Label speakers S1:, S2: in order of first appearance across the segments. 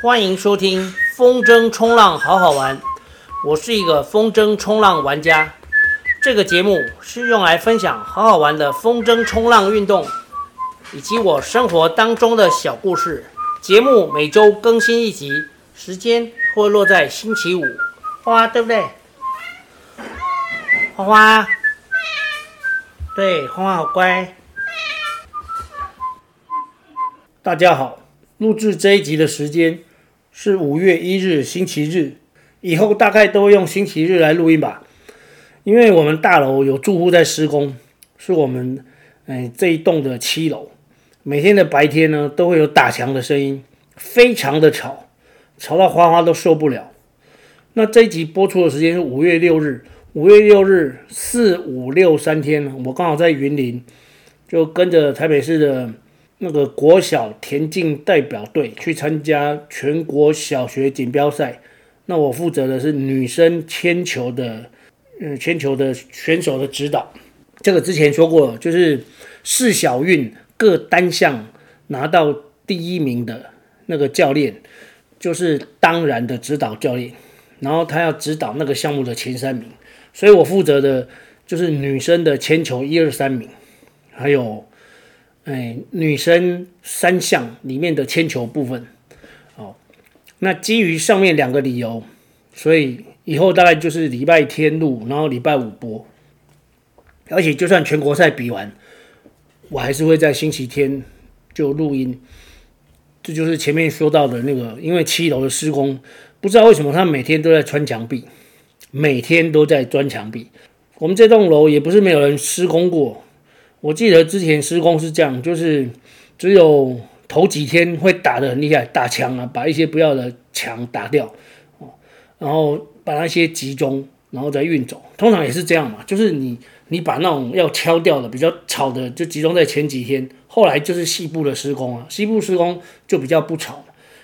S1: 歡迎收聽風箏衝浪，好好玩。我是一個風箏衝浪玩家。這個節目是用來分享好好玩的風箏衝浪運動，以及我生活當中的小故事。節目每周更新一集，時間會落在星期五。花花，對不對？花花，對，花花好乖。大家好，錄制這一集的時間。是五月一日星期日，以後大概都會用星期日來錄音吧，因為我們大樓有住戶在施工，是我們，哎，這一棟的七樓，每天的白天呢都會有打牆的聲音，非常的吵，吵到花花都受不了。那這一集播出的時間是五月六日，五月六日四五六三天我剛好在雲林，就跟着台北市的。那個國小田徑代表隊去參加全國小學錦標賽，那我負責的是女生鉛球的，嗯，鉛球的選手的指導。這個之前說過，就是四小運各單項拿到第一名的那個教練，就是當然的指導教練，然後他要指導那個項目的前三名，所以我負責的就是女生的鉛球一二三名，還有。哎，女生三項裡面的鉛球部分，哦，那基於上面兩個理由，所以以後大概就是禮拜天錄，然後禮拜五播。而且就算全國賽比完，我還是會在星期天就錄音。這就是前面說到的那個，因為七樓的施工，不知道為什麼他每天都在穿牆壁，每天都在鑽牆壁。我們這棟樓也不是沒有人施工過。我記得之前施工是這樣，就是只有頭幾天會打得很厲害，打牆啊，把一些不要的牆打掉，哦，然後把那些集中，然後再運走。通常也是這樣嘛，就是你你把那種要敲掉的比較吵的，就集中在前幾天，後來就是西部的施工啊，細部施工就比較不吵。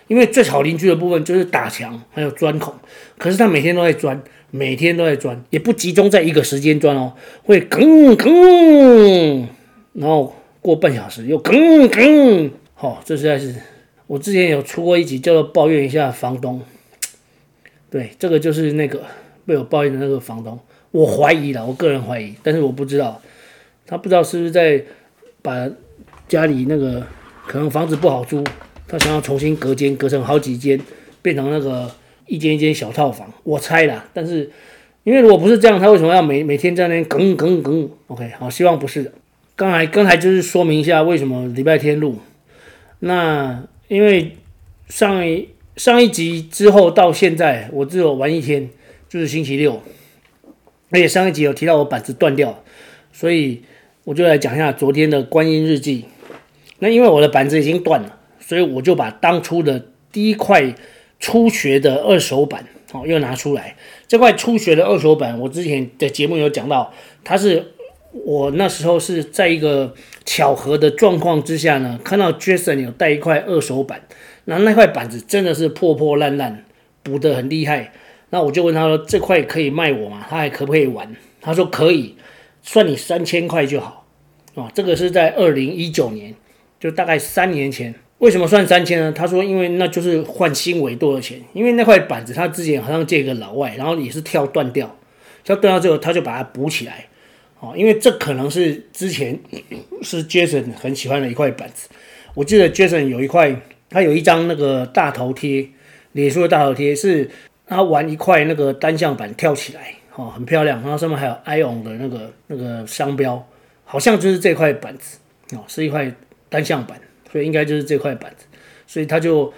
S1: 因為最吵鄰居的部分就是打牆，還有鑽孔。可是他每天都在鑽，每天都在鑽，也不集中在一個時間鑽哦，會吭吭，然後過半小時又吭吭。好、哦，這實在是，我之前有出過一集叫做《抱怨一下房東》，對，這個就是那個被我抱怨的那個房東。我懷疑了，我個人懷疑，但是我不知道，他不知道是不是在把家裡那個可能房子不好租。他想要重新隔間，隔成好幾間，變成那個一間一間小套房。我猜啦，但是因為如果不是這樣，他為什麼要每每天在那耿耿耿？OK，好，希望不是的。剛才剛才就是說明一下為什麼禮拜天錄。那因為上一上一集之後到現在，我只有玩一天，就是星期六。而且上一集有提到我板子斷掉，所以我就來講一下昨天的觀音日記。那因為我的板子已經斷了。所以我就把當初的第一塊初學的二手板，哦，又拿出來。這塊初學的二手板，我之前的節目有講到，它是我那時候是在一個巧合的狀況之下呢，看到 Jason 有帶一塊二手板，那那塊板子真的是破破爛爛，補得很厲害。那我就問他說：“這塊可以賣我嗎？他還可不可以玩？”他說：“可以，算你三千塊就好。”哦，啊，這個是在二零一九年，就大概三年前。為什麼算三千呢？他說，因為那就是換新維多少錢？因為那塊板子他之前好像借一個老外，然後也是跳斷掉，跳斷掉之後他就把它補起來。哦，因為這可能是之前是 Jason 很喜歡的一塊板子。我記得 Jason 有一塊，他有一張那個大頭貼，臉書的大頭貼是他玩一塊那個單向板跳起來，哦，很漂亮。然後上面還有 Ion 的那個那個商標，好像就是這塊板子，哦，是一塊單向板。對，應該就是這塊板子，所以他就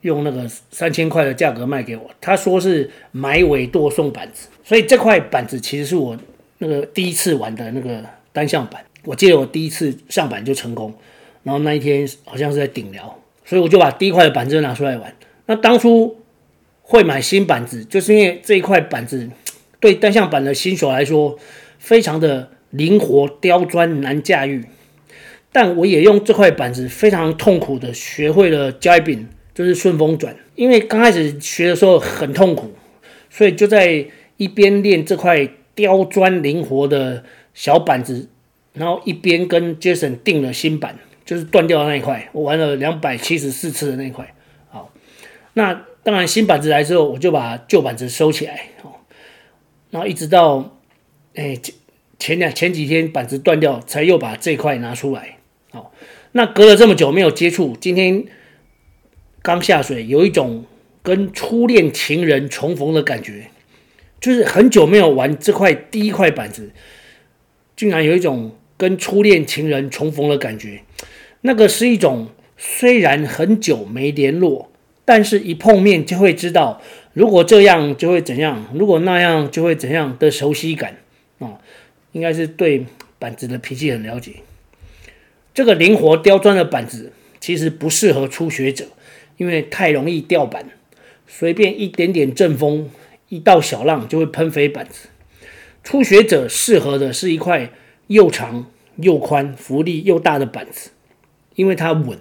S1: 用那個三千塊的價格賣給我。他說是買尾舵，送板子，所以這塊板子其實是我那個第一次玩的那個單向板。我記得我第一次上板就成功，然後那一天好像是在頂寮。所以我就把第一塊的板子拿出來玩。那當初會買新板子，就是因為這一塊板子對單向板的新手來說非常的靈活、刁鑽、難駕馭。但我也用這塊板子非常痛苦的學會了 Jibing，就是順風轉。因為剛開始學的時候很痛苦，所以就在一邊練這塊刁鑽靈活的小板子，然後一邊跟 Jason 訂了新板，就是斷掉的那一塊。我玩了兩百七十四次的那一塊。好，那當然新板子來之後，我就把舊板子收起來。然後一直到哎、欸、前兩前幾天板子斷掉，才又把這塊拿出來。好、哦，那隔了這麼久沒有接觸，今天剛下水，有一種跟初戀情人重逢的感覺，就是很久沒有玩這塊第一塊板子，竟然有一種跟初戀情人重逢的感覺。那個是一種雖然很久沒聯絡，但是一碰面就會知道，如果這樣就會怎樣，如果那樣就會怎樣的熟悉感啊、哦，應該是對板子的脾氣很了解。這個靈活刁鑽的板子其實不適合初學者，因為太容易掉板，隨便一點點陣風，一到小浪就會噴飛板子。初學者適合的是一塊又長又寬、浮力又大的板子，因為它穩。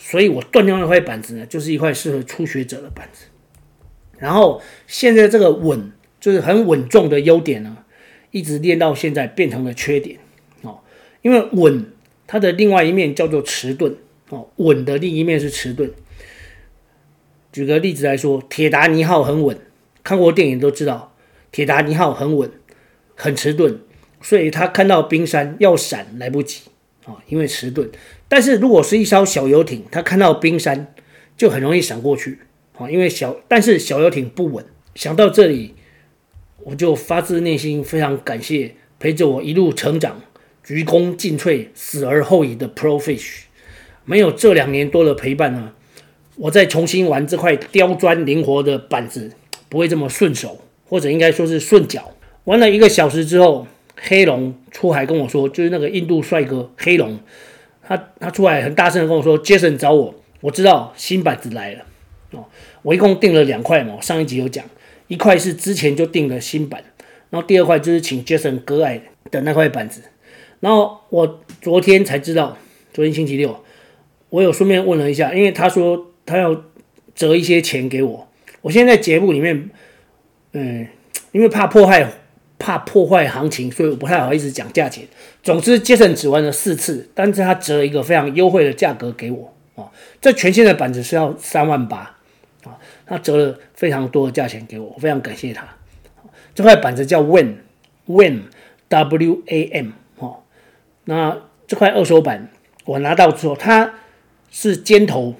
S1: 所以我斷掉那塊板子呢，就是一塊適合初學者的板子。然後現在這個穩，就是很穩重的優點呢，一直練到現在變成了缺點哦，因為穩。它的另外一面叫做遲鈍，哦，穩的另一面是遲鈍。舉個例子來說，鐵達尼號很穩，看過電影都知道，鐵達尼號很穩，很遲鈍，所以他看到冰山要閃來不及啊，因為遲鈍。但是如果是一艘小遊艇，他看到冰山就很容易閃過去，啊，因為小，但是小遊艇不穩。想到這裡，我就發自內心非常感謝陪着我一路成長鞠躬盡瘁，死而後已的 Pro Fish，沒有這兩年多的陪伴呢，我再重新玩這塊刁鑽靈活的板子，不會這麼順手，或者應該說是順腳。玩了一個小時之後，黑龍出海跟我說，就是那個印度帥哥黑龍，他他出海很大聲的跟我說，Jason 找我，我知道新板子來了。哦，我一共訂了兩塊嘛，我上一集有講，一塊是之前就訂的新板，然後第二塊就是請 Jason 割愛的那塊板子。然後我昨天才知道，昨天星期六，我有順便問了一下，因為他說他要折一些錢給我。我現在在節目裡面，嗯，因為怕破壞，怕破壞行情，所以我不太好意思講價錢。總之，Jason 只玩了四次，但是他折了一個非常優惠的價格給我啊。這全新的板子是要三萬八啊，他折了非常多的價錢給我，我非常感謝他。這塊板子叫 WAM，WAM，W A M 那這塊二手板我拿到之後，它是尖頭，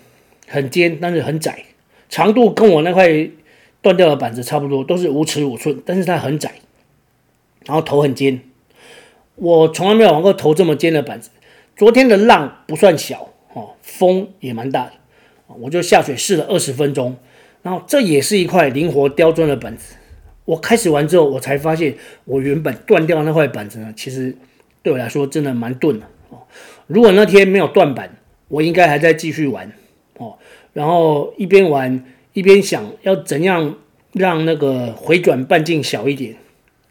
S1: 很尖，但是很窄，長度跟我那塊斷掉的板子差不多，都是五尺五寸，但是它很窄，然後頭很尖，我從來沒有玩過頭這麼尖的板子。昨天的浪不算小哦，風也蠻大的，我就下水試了二十分鐘，然後這也是一塊靈活刁鑽的板子。我開始玩之後，我才發現我原本斷掉的那塊板子呢，其實。對我來說真的蠻鈍的。如果那天沒有斷板，我應該還在繼續玩哦。然後一邊玩一邊想，要怎樣讓那個回轉半徑小一點。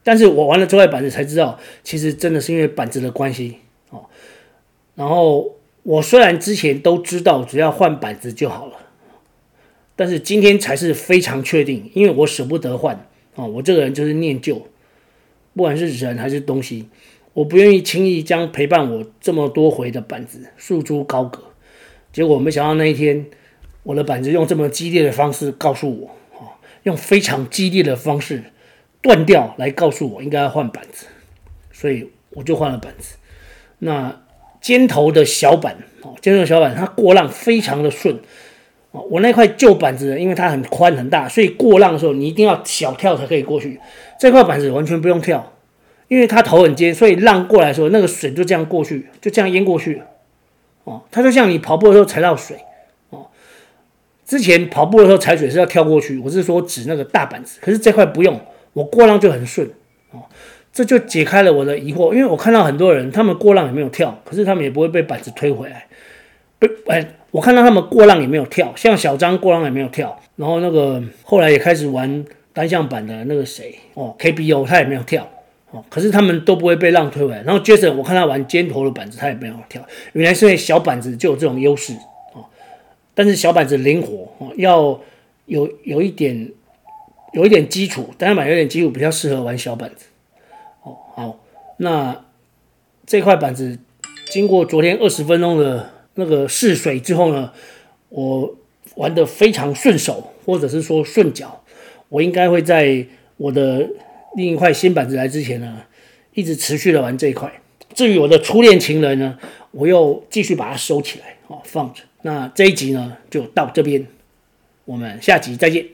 S1: 但是我玩了這塊板子才知道，其實真的是因為板子的關係哦。然後我雖然之前都知道，只要換板子就好了，但是今天才是非常確定，因為我捨不得換。我這個人就是念舊，不管是人還是東西。我不願意輕易將陪伴我這麼多回的板子束之高閣，結果沒想到那一天，我的板子用這麼激烈的方式告訴我，哦，用非常激烈的方式斷掉來告訴我應該要換板子，所以我就換了板子。那尖頭的小板，哦，尖頭的小板它過浪非常的順，哦，我那塊舊板子因為它很寬很大，所以過浪的時候你一定要小跳才可以過去，這塊板子完全不用跳。因為它頭很尖，所以浪過來的時候，那個水就這樣過去，就這樣淹過去。哦，它就像你跑步的時候踩到水，哦，之前跑步的時候踩水是要跳過去。我是說指那個大板子，可是這塊不用，我過浪就很順。哦，這就解開了我的疑惑，因為我看到很多人，他們過浪也沒有跳，可是他們也不會被板子推回來。不，哎，我看到他們過浪也沒有跳，像小張過浪也沒有跳，然後那個，後來也開始玩單向板的那個誰哦，KBO 他也沒有跳。哦，可是他們都不會被浪推回來。然後 Jason，我看他玩尖頭的板子，他也沒有跳。原來是小板子就有這種優勢哦。但是小板子靈活哦，要有有一點，有一點基礎，單板有點基礎比較適合玩小板子哦。好，那這塊板子經過昨天二十分鐘的那個試水之後呢，我玩得非常順手，或者是說順腳，我應該會在我的。另一塊新板子來之前呢，一直持續的玩這一塊。至於我的初戀情人呢，我又繼續把它收起來啊，放着。那這一集呢，就到這邊。我們下集再見。